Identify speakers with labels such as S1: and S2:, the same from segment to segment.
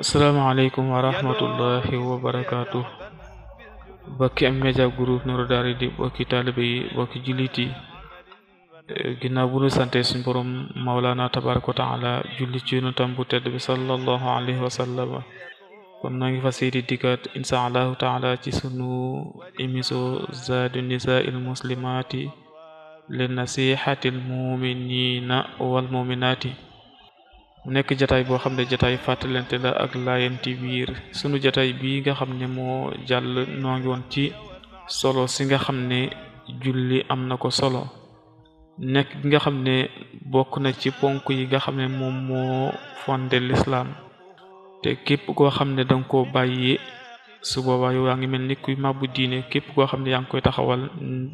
S1: asalaamaaleykum wa rahmatullahi wa barakaatu bokki am média groupe Nourou Darayni bokki taalibe yi bokki jullit yi eh, ginnaaw bu nu sante borom mawlaana tabaraka wa taala julli ci tedd bi sallallahu alayhi wa sallam kon noo ngi fas yéene dikkaat allahu taala ci sunu émission zaadu nisaa il li nasihati al muminina wal nekk jataay boo xam ne jataay fàttalante la ak laayanti biir sunu jataay bii nga xam ne moo jàll noo ngi woon ci solo si nga xam ne julli am na ko solo nekk nga xam ne bokk na ci ponk yi nga xam ne moom moo fondé lislaam te képp koo xam ne danga koo bàyyi su boobaa yow yaa ngi mel ni kuy ma bu diine képp koo xam ne yaa ngi koy taxawal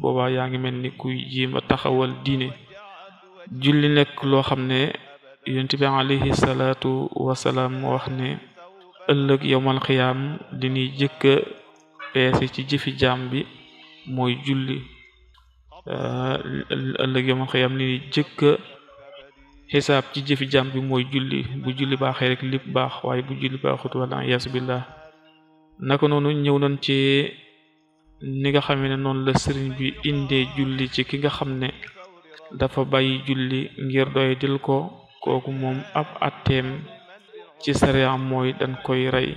S1: boobaa yaa ngi mel ni kuy jéem a taxawal diine julli nekk loo xam ne yonent bi alayhi salaatu wasalaam wax ne ëllëg yowmal xiyaam dini jëkka peese ci jëfi jaam bi mooy julli ëllëg yowmal xiyaam dini ci jëfi bi mooy julli bu julli baaxee rek lépp baax waaye bu julli baaxut wala yas naka noonu ñëw nañ ci ni nga xamee ne noonu la sëriñ bi indee julli ci ki nga xam ne dafa bàyyi julli ngir doy dil ko kooku moom ab atteem ci sariya mooy dañ koy rey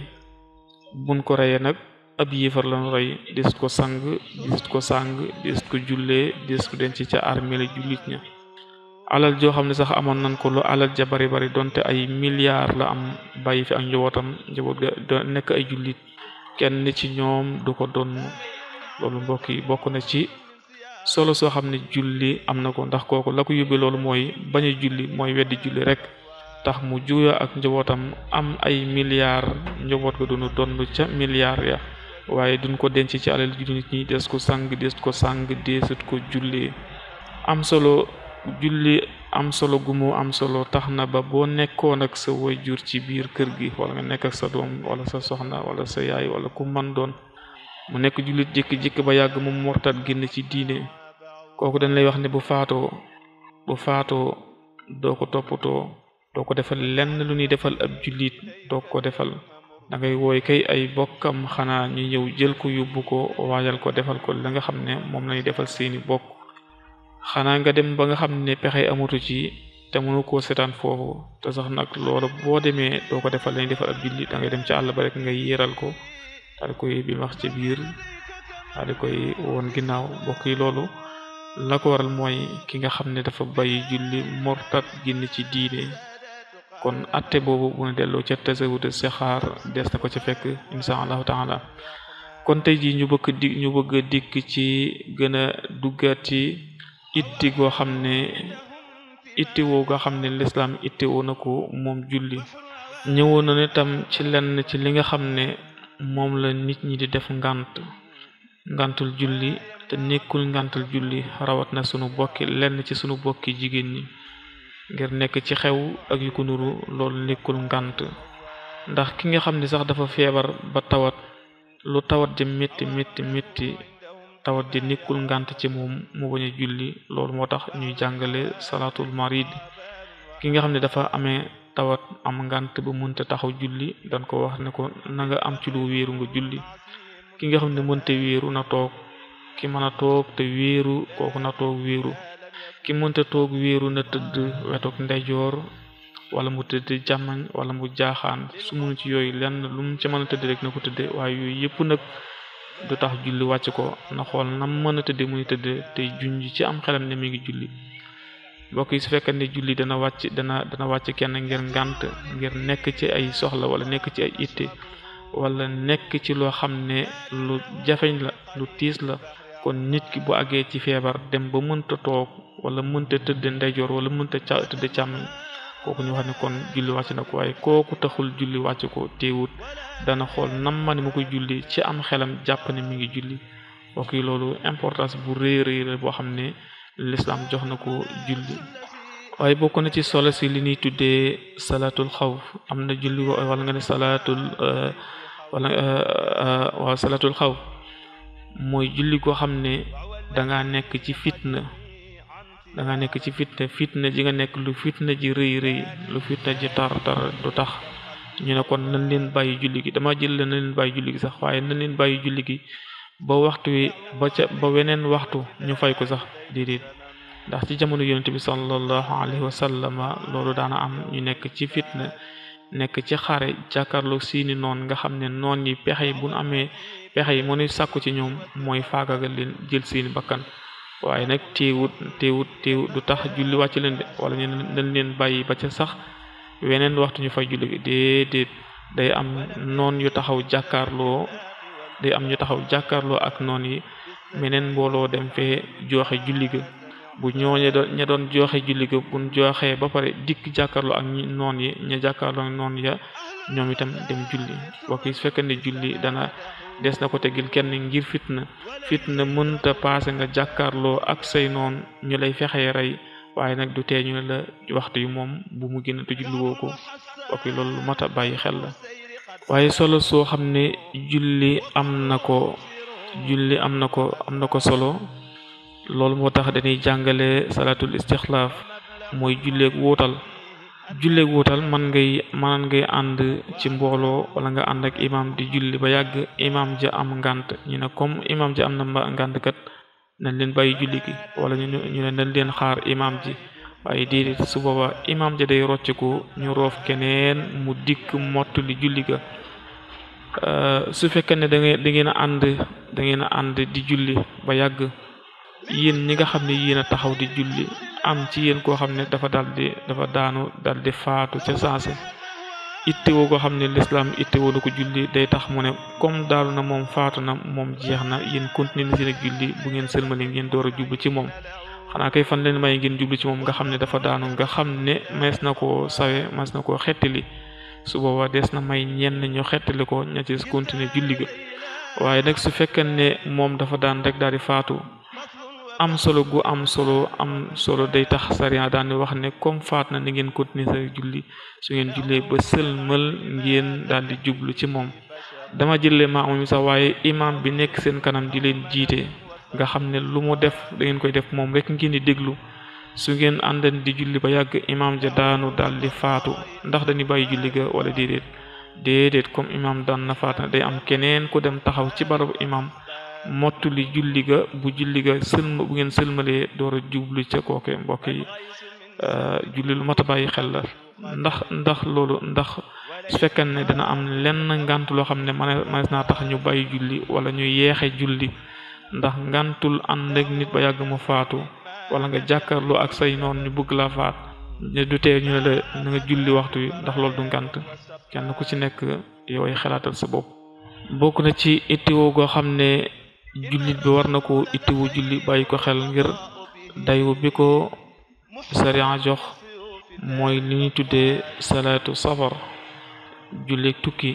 S1: bun ko reyee nag ab yéefar lañ rey des ko sang des ko sang des ko jullee des ko denc ca armeel jullit ña alal joo xam ne sax amoon nañ ko lu alal ja bari bari donte ay milliards la am bàyyi fi ak njabootam njaboot ga nekk ay jullit kenn ci ñoom du ko doon bokk na ci solo soo xam ne julli am na ko ndax kooku la ko yóbbee loolu mooy bañ a julli mooy weddi julli rek tax mu juyo ak njabootam am ay milliards njaboot ko dunu donn ca milliards ya waaye duñ ko denc ci alal ju nit ñi des ko sang des ko sang desut ko jullee am solo julli am solo gumu am solo tax na ba boo nekkoon ak sa waajur ci biir kër gi walla nga nekk sa doom wala sa soxna wala sa yaay wala ku man doon mu nekk jullit jékki-jékki ba yàgg mu morta génn ci diine kooku dañ lay wax ne bu faatoo bu faatoo doo ko toppatoo doo ko defal lenn lu ñuy defal ab jullit doo ko defal da ngay wooy ay bokkam xanaa ñu ñëw jël ko yóbbu ko waajal ko defal ko la nga xam ne moom lañuy defal seeni bokk xanaa nga dem ba nga xam ne pexe amatu ci te mënu koo seetaan foofu te sax nag loolu boo demee doo ko defal lañuy defal ab jullit dangay dem ci àll ba rek nga yéeral ko daal koy bimax ci biir daal di koy woon ginnaaw mbokk yi loolu la ko waral mooy ki nga xam ne dafa bàyyi julli mortat génn ci diine kon atte boobu bu ñu delloo ca tasawut sixaar des na ko ca fekk insha allahu taala kon tey jii ñu bëgg ñu bëgg dikk ci gën a duggaat ci itti goo xam ne itti woo xam ne lislaam itti woo moom julli ñëwoon na ci lenn ci li nga xam ne moom la nit ñi di def ngànt ngàntul julli te nekkul ngàntul julli rawat na sunu bokki lenn ci sunu bokki jigéen ñi ngir nekk ci xew ak yu ko loolu nekkul ngant ndax ki nga xam ni sax dafa feebar ba tawat lu tawat di métti métti métti tawat di nekkul ngant ci moom mu bañ a julli loolu moo tax ñuy jàngale salaatul marid ki nga xam ne dafa amee tawat am ngant ba mënta taxaw julli dañ ko wax ne ko na nga am ci lu wéeru nga julli ki nga xam ne mën te wéeru na toog ki mën a toog te wéeru kooku na toog wéeru ki mënta toog wéeru na tëdd wetuk ndeyjoor wala mu tëdd jàmmañ wala mu jaaxaan su mënu ci yooyu lenn lu mu ci mën a tëdd rek na ko tëdde waaye yooyu yëpp nag du tax julli wàcc ko na xool nam mën a tëdde muy tëdde te junj ci am xelam ne mi julli mbokk yi su fekkee ne julli dana wàcc dana dana wàcc kenn ngir ngànt ngir nekk ci ay soxla walla nekk ci ay itte wala nekk ci loo xam ne lu jafeñ la lu tiis la kon nit ki bu àggee ci feebar dem ba mënta toog wala mënta tëdd ndeyjoor wala mënta ca tëdd càmmoñ kooku ñu wax ne kon julli wàcc na ko waaye kooku taxul julli wàcc ko teewut dana xool nam ma ne mu koy julli ci am xelam jàpp mu ngi julli mbokk yi loolu importance bu rëy rëy boo xam ne l'islam jox na ko julli waaye bokk na ci solo si li ñuy tuddee salaatul xaw am na julli wala nga ne salaatul eh, wala eh, waaw salaatul xawf mooy julli koo xam ne danga nekk ci fitna danga nekk ci fitna fitna ji nga nekk lu fitna ji rëy rëy lu fitna ji tar tar du tax ñu ne kon nañ leen bàyyi julli gi dama jël nañ leen bàyyi julli gi sax waaye nañ leen bàyyi julli gi ba waxtu wi ba ca ba weneen waxtu ñu fay ko sax déedéet ndax ci jamono yonent bi sallallahu alayhi wa sallama loolu daana am ñu nekk ci fitna nekk ci xare jàkkaarloo siini noon nga xam ne noon yi pexe yi bu nu amee pexe yi mënuy sàkku ci ñoom mooy faagagal leen jël seeni bakkan waaye nag teewut teewut teewut du tax julli wàcc leen de wala ñu dañ leen bàyyi ba ca sax weneen waxtu ñu fay julli bi déedéet day am noon yu taxaw jàkkaarloo day am ñu taxaw jàkkaarloo ak noon yi meneen mbooloo dem fee joxe julli ga bu ñooñu ña doon jooxe julli ga bu jooxee ba pare dikk jàkkaarloo ak noon yi ña jàkkaarloo ak noon ya ñoom itam dem julli bokk yi su fekkee ne julli dana des na ko tegil kenn ngir fitna fitna mënta paase nga jàkkaarloo ak say noon ñu lay fexee rey waaye nag du tee ñu ne la waxtu yi moom bu mu génn te julliwoo ko bokk yi loolu mata bàyyi xel la waaye solo soo xam ne julli am na ko julli am na ko am na ko solo loolu moo tax dañuy jàngale salaatul istixlaaf mooy julleeg wóotal julleeg wóotal man ngay man ngay ànd ci mbooloo wala nga ànd ak imam di julli ba yàgg imaam ja am ngant ñu ne comme imam ja am na mba ngànt kat nañ leen bàyyi julli gi wala ñu ne nañ leen xaar imaam ji waaye déedéet su booba imam ja day rocc ko ñu roof keneen mu dikk mottali julli ga Euh, su fekkee ne dangeen ngeen ngeen a ànd da ngeen a ànd di julli ba yàgg yéen ñi nga xam ne yéen a taxaw di julli am ci yéen koo xam ne dafa dal dafa daanu dal di faatu ca saase ittewoo koo xam ne lislaam ittewoo na ko julli day tax mu ne comme daanu na moom faatu na moom jeex na yéen continuer na seen julli bu ngeen sëlmali ngeen door a jublu ci moom xanaa kay fan leen may ngeen jublu ci moom nga xam ne dafa daanu nga xam ne mees na koo sawe mees na koo xettali su boobaa des na may ñenn ñu xettali ko ña ci continuer julli ga waaye nag su fekkee ne moom dafa daan rek daal di faatu am solo gu am solo am solo day tax sariya daan wax ne comme faat na ni ngeen continuer sa julli su ngeen jullee ba sëlmal ngeen daal di jublu ci moom dama jëlee ma amuñu sax waaye imam bi nekk seen kanam di leen jiite nga xam ne lu mu def da koy def moom rek ngeen di déglu su ngeen àndan di julli ba yàgg imaam ja daanu daal di faatu ndax dañu bàyyi julli ga wala déedéet déedéet comme imaam daan na faatu day am keneen ku dem taxaw ci barabu imaam mottuli julli ga bu julli ga sëlma bu ngeen sëlmalee door a jublu ca kooke mbokk yi euh, julli lu mat a bàyyi xel la ndax ndax loolu ndax su fekkee ne dana am lenn ngànt loo xam ne mënees naa tax ñu bàyyi julli wala ñu yeexe julli ndax ngàntul ànd ak nit ba yàgg mu faatu wala nga jàkkaarloo ak say noon ñu bëgg la faat ne du tee ñu ne la na nga julli waxtu wi ndax loolu du ngànt kenn ku ci nekk yow ay xalaatal sa bopp bokk na ci ittiwoo goo xam ne jullit war na ko ittiwu julli bàyyi xel ngir dayu bi ko sariya jox mooy li ñu tuddee salaatu safar julli tukki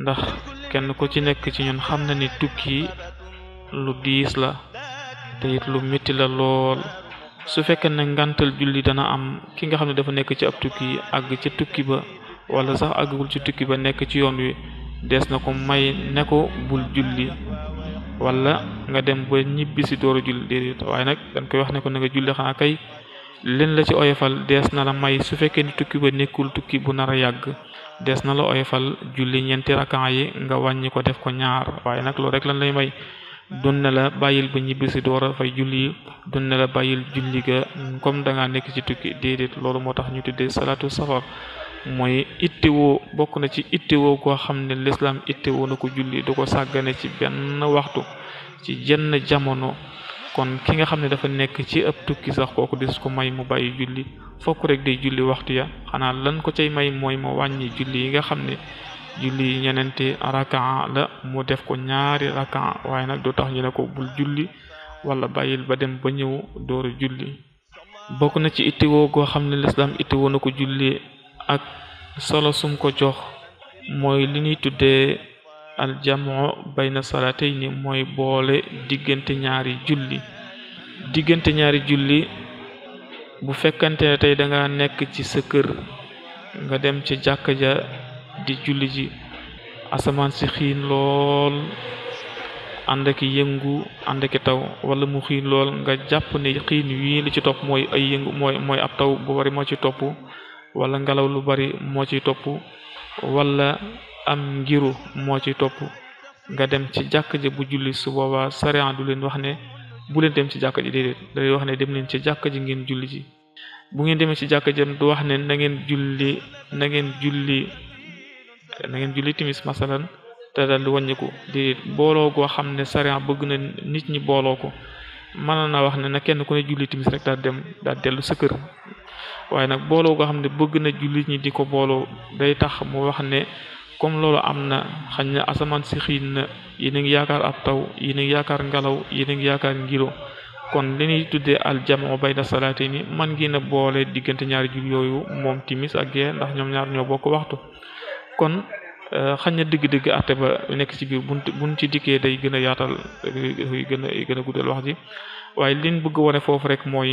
S1: ndax kenn ku ci nekk ci ñun xam na ni tukki lu diis la te it lu métti la lool su fekkee ne ngantal julli dana am ki nga xam ne dafa nekk ci ab tukki àgg ca tukki ba wala sax àggagul ci tukki ba nekk ci yoon wi des na ko may ne ko bul julli wala nga dem ba ñibbi si door a julli déedéet waaye nag dañ koy wax ne ko na nga julli xanaa kay leen la ci oyofal dees na la may su fekkee ni tukki ba nekkul tukki bu nar a yàgg des na la oyofal julli ñeenti rakan yi nga wàññi ko def ko ñaar waaye nag loolu rek lan lay may doon na la bàyyil ba ñibbisi door a fay julli doon na la bàyyil julli ga comme da ngaa nekk ci tukki déedéet loolu moo tax ñu tuddee salaatu safar mooy ittewoo bokk na ci ittewoo koo xam ne lislaam ittewoo na ko julli du ko sàggane ci benn waxtu ci jenn jamono kon ki nga xam ne dafa nekk ci ab tukki sax kooku des ko may mu bàyyi julli fokk rek day julli waxtu ya xanaa lan ko cay may mooy mu wàññi julli yi nga xam ne julli ñeneenti rakaa la mu def ko ñaari rakaa waaye nag du tax ñu ne ko bul julli wala bàyyil ba dem ba ñëw door a julli bokk na ci ittiwoo goo xam ne lislaam ittiwoo na ko julli ak solo sum ko jox mooy li ñuy tuddee aljamoo bayna salatayni mooy boole diggante ñaari julli diggante ñaari julli bu fekkante tey danga nekk ci sa nga dem ci jàkka ja di julli ji asamaan si xiin lool ànd yëngu ànd taw wala mu xiin lool nga jàpp ne xiin wii li ci topp mooy ay yëngu mooy ab taw bu bari moo ci topp wala ngelaw lu bari moo ci topp wala am ngiru moo ci topp nga dem ci jàkk ji bu julli su boobaa sariya du leen wax ne leen dem ci jàkk ji déedéet day wax ne ci jàkk ji ngeen julli ji bu ngeen demee ci jàkk ji du wax ne julli na julli na ngeen julli timis masalan te dal di wàññiku di booloo goo xam ne sariya bëgg na nit ñi booloo ko mën na wax ne na kenn ku ne julli timis rek daal dem daal dellu sa kër waaye nag booloo goo xam ne bëgg na jullit ñi di ko booloo day tax mu wax ne comme loolu am na xañ na asamaan si xiin na yéen a ngi yaakaar ab taw yéen a ngi yaakaar ngelaw yéen a ngi yaakaar ngiro kon li ñuy tuddee aljamaa bayna salaati ni man ngi na boolee diggante ñaari ju yooyu moom timis ak gee ndax ñoom ñaar ñoo bokk waxtu kon euh, xañ na dëgg-dëgg àtte ba nekk ci biir buñ buñ ci dikkee day gën a yaatal gën a gën a guddal wax ji waaye liñ bëgg wone foofu rek mooy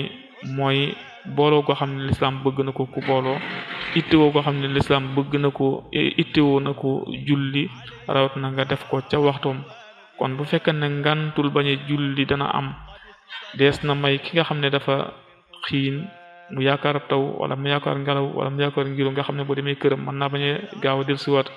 S1: mooy booloo goo xam ne lislaam bëgg na ko ku booloo ittewoo goo xam ne lislaam bëgg na ko e, ittewoo na ko julli rawat na nga def ko ca waxtoom kon bu fekkee ne ngantul bañ a julli dana am dees na may ki nga xam ne dafa xiin mu yaakaar taw wala mu yaakaar ngelaw wala mu yaakaar ngiru nga xam ne boo demee këram mën naa bañ a gaaw a dellusiwaat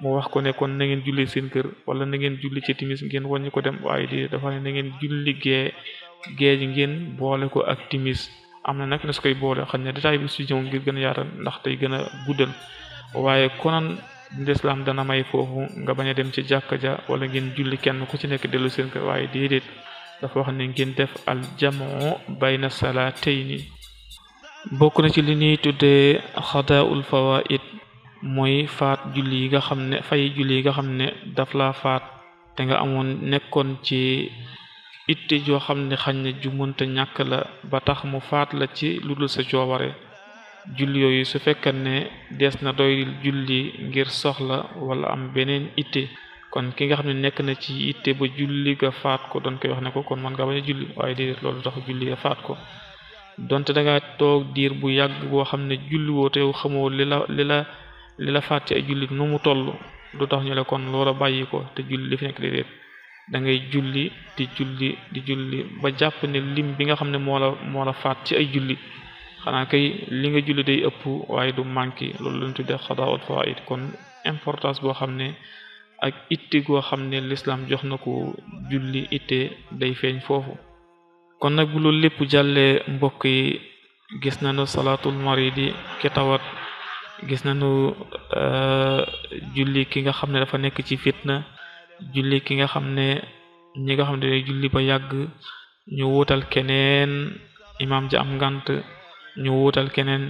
S1: mu wax ko ne kon na ngeen julli seen kër wala na ngeen julli ci timis ngeen wàññi ko dem waaye di dafa ne na ngeen julli gee ngeen boole ko ak timis am na nag na koy boole xam ne détail bi su jëm ngir gën a ndax tey gën a guddal waaye konan lislaam dana may foofu nga bañ a dem ci jàkka ja wala ngeen julli kenn ku ci nekk dellu seen kër waaye déedéet dafa wax ne ngeen def al jamu bayna salatayni bokk na ci li ñuy tuddee xadaaul fawaid mooy faat julli yi nga xam ne fay julli yi nga xam ne daf laa faat te nga amoon nekkoon ci itte joo xam ne xañ na ju mënta ñàkk la ba tax mu faat la ci lu dul sa coobare julli yooyu su fekkee ne des na doy julli ngir soxla wala am beneen itte kon ki nga xam ne nekk na ci itte ba julli ga faat ko doon koy wax ne ko kon man nga bañ a julli waaye déedéet loolu tax julli ga faat ko donte dangaa toog diir bu yàgg boo xam ne julli woo teew xamoo li la li la li la fàtte ay jullit nu mu toll du tax ñu le kon loola bàyyi ko te julli li fi nekk déedéet da ngay julli di julli di julli ba jàpp ne lim bi nga xam ne moo la moo la faat ci ay julli xanaa kay li nga julli day ëpp waaye du manqué loolu lañ tuddee xadaawul fawaid kon importance boo xam ne ak itte goo xam ne l'islam jox na ko julli ite day feeñ foofu kon nag bu loolu lépp jàllee mbokk yi gis nañu salaatul maridi ki tawat gis nañu euh, julli ki nga xam ne dafa nekk ci fitna julli ki nga xam ne ñi nga xam ne julli ba yàgg ñu wuutal keneen imaam ja am ngant ñu wuutal keneen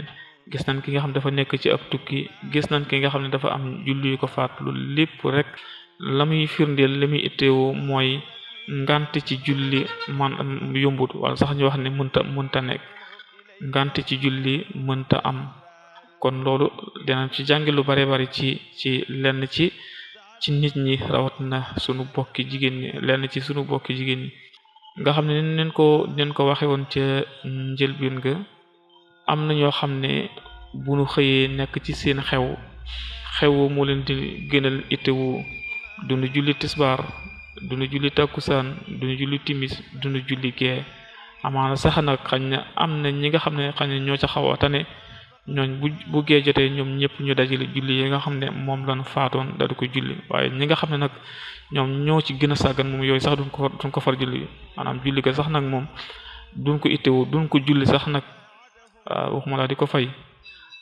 S1: gis nañ ki nga xam dafa nekk ci ab tukki gis nañ ki nga xam ne dafa am julli yu ko faat loolu lépp rek la muy firndeel li mooy ngant ci julli man yombut wala sax ñu wax ne mënta mënta nekk ngant ci julli mënta am kon loolu dinañ ci jàngi lu bare bari ci ci lenn ci ci nit ñi rawat na sunu bokki jigéen ñi lenn ci sunu bokki jigéen nga xam ne neen ko neen ko waxe woon ca njëlbeen ga am na ñoo xam ne bu nu xëyee nekk ci seen xew xew moo leen di gënal itewu dunu julli tisbaar duñu julli takkusaan duñu julli timis duñu julli gee amaana sax nag xañ ne am na ñi nga xam ne xañ na ñoo ca xaw tane ñooñ bu bu gee jotee ñoom ñëpp ñu dajale julli yi nga xam ne moom lañ faatoon daal di ko julli waaye ñi nga xam ne nag ñoom ñoo ci gën a sàggan moom yooyu sax duñ ko duñ ko far julli maanaam julli ko sax nag moom duñ ko itteewoo duñ ko julli sax nag ah, waxuma laa di ko fay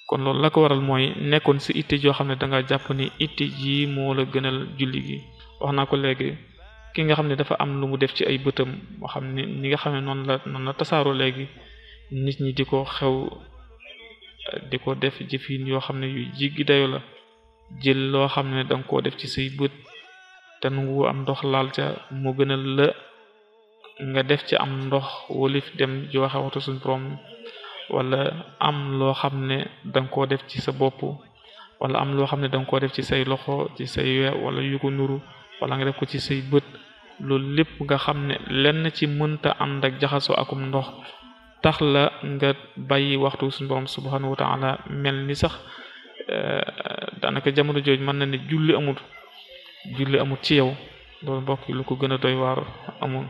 S1: kon loolu la ko waral mooy nekkoon si itte joo xam ne da nga jàpp ni itte ji moo la gënal julli gi ki nga xam ne dafa am lu mu def ci ay bëtam moo xam ne ni nga xam ne noonu la noonu la tasaaroo léegi nit ñi di ko xew di ko def jëfin yoo xam ne yu jiggi dayoo la jël loo xam ne danga koo def ci say bët te nangu am ndox laal ca mu gënal la nga def ci am ndox wolif dem joxe suñ borom wala am loo xam ne danga koo def ci sa bopp wala am loo xam ne danga koo def ci say loxo ko def ci say bët loolu lépp nga xam ne lenn ci mënta ànd ak jaxasoo akum ndox tax la nga bàyyi waxtu suñu borom subhanahu wa taala mel ni sax euh, daanaka jamono jooju mën na ne julli amut julli amut ci yow loolu mbokk yi lu ko gën a doy waar amul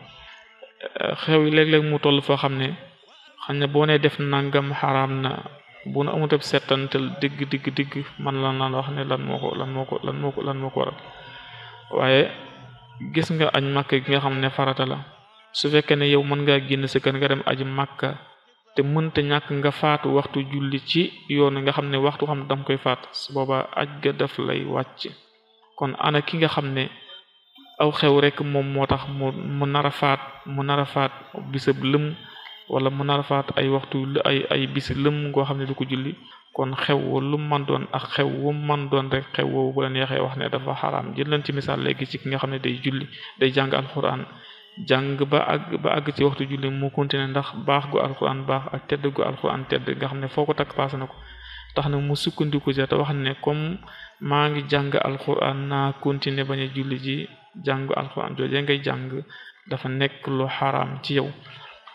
S1: euh, xew yi léeg mu toll foo xam ne xam ne boo ne def nangam xaraam na boo nu amut ab settantal digg digg digg man lan lan wax ne lan moo ko lan moo ko lan moo ko moo ko waral waaye gis nga añ makka ki nga xam ne farata la su fekkee ne yow mën nga génn sa kër nga dem aji makka te mënta ñàkk nga faatu waxtu julli ci yoon nga xam ne waxtu xam ne danga koy faat su boobaa aj ga daf lay wàcc kon ana ki nga xam ne aw xew rek moom moo tax mu mu nar a faat mu nar a faat bisab lëm wala mu nar a faat ay waxtu ay ay bisi lëm goo xam ne du ko julli kon xew wa lu man doon ak xew wu man doon rek xew woowu bu la wax ne dafa xaraam julli day jàng alxuraan jàng ba àgg ba àgg ci waxtu julli mu continuer ndax baax gu alxuraan baax ak tedd gu alxuraan tedd nga xam ne foo ko takk passé na ko tax na mu sukkandiku ci te wax ne comme maa ngi jàng alxuraan naa continuer bañ a julli ji jàng alxuraan joojee ngay jàng dafa nekk lu xaraam ci yow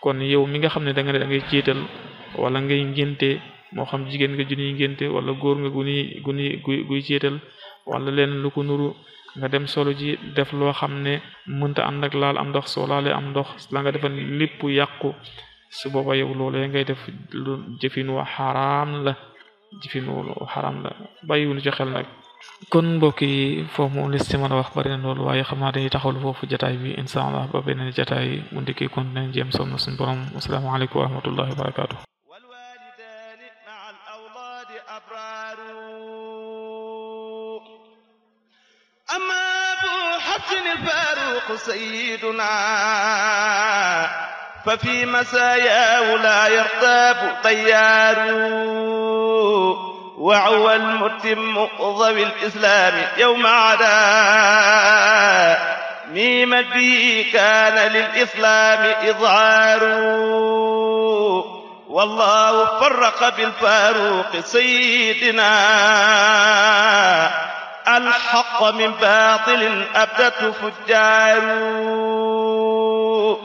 S1: kon yow mi nga xam ne da nga ne wala ngay ngénte moo xam jigéen nga junuy ngénte wala góor nga gu nuy guy ciital wala leen lu ko nuru nga dem solo ji def loo xam ne mënta ànd ak laal am ndox soo laalee am ndox la nga defal lépp yàqu su booba yow loolee ngay def lu wa xaraam la jëfinu xaraam la bàyyiwuñu ci xel nag kon mbokk yi foofu moom lis ci mën a wax bari na loolu waaye xam naa dañuy taxawlu foofu jataay bi insha allah ba beneen jataay mu ndikki kon nañ jéem som na suñu borom asalaamaaleykum wa rahmatullahi wa barakaatu الفاروق سيدنا ففي مساياه لا يرتاب طيار وعوى المتم ضوي الإسلام يوم عدا ميم به كان للإسلام إظهار والله فرق بالفاروق سيدنا الحق من باطل أبدته فجار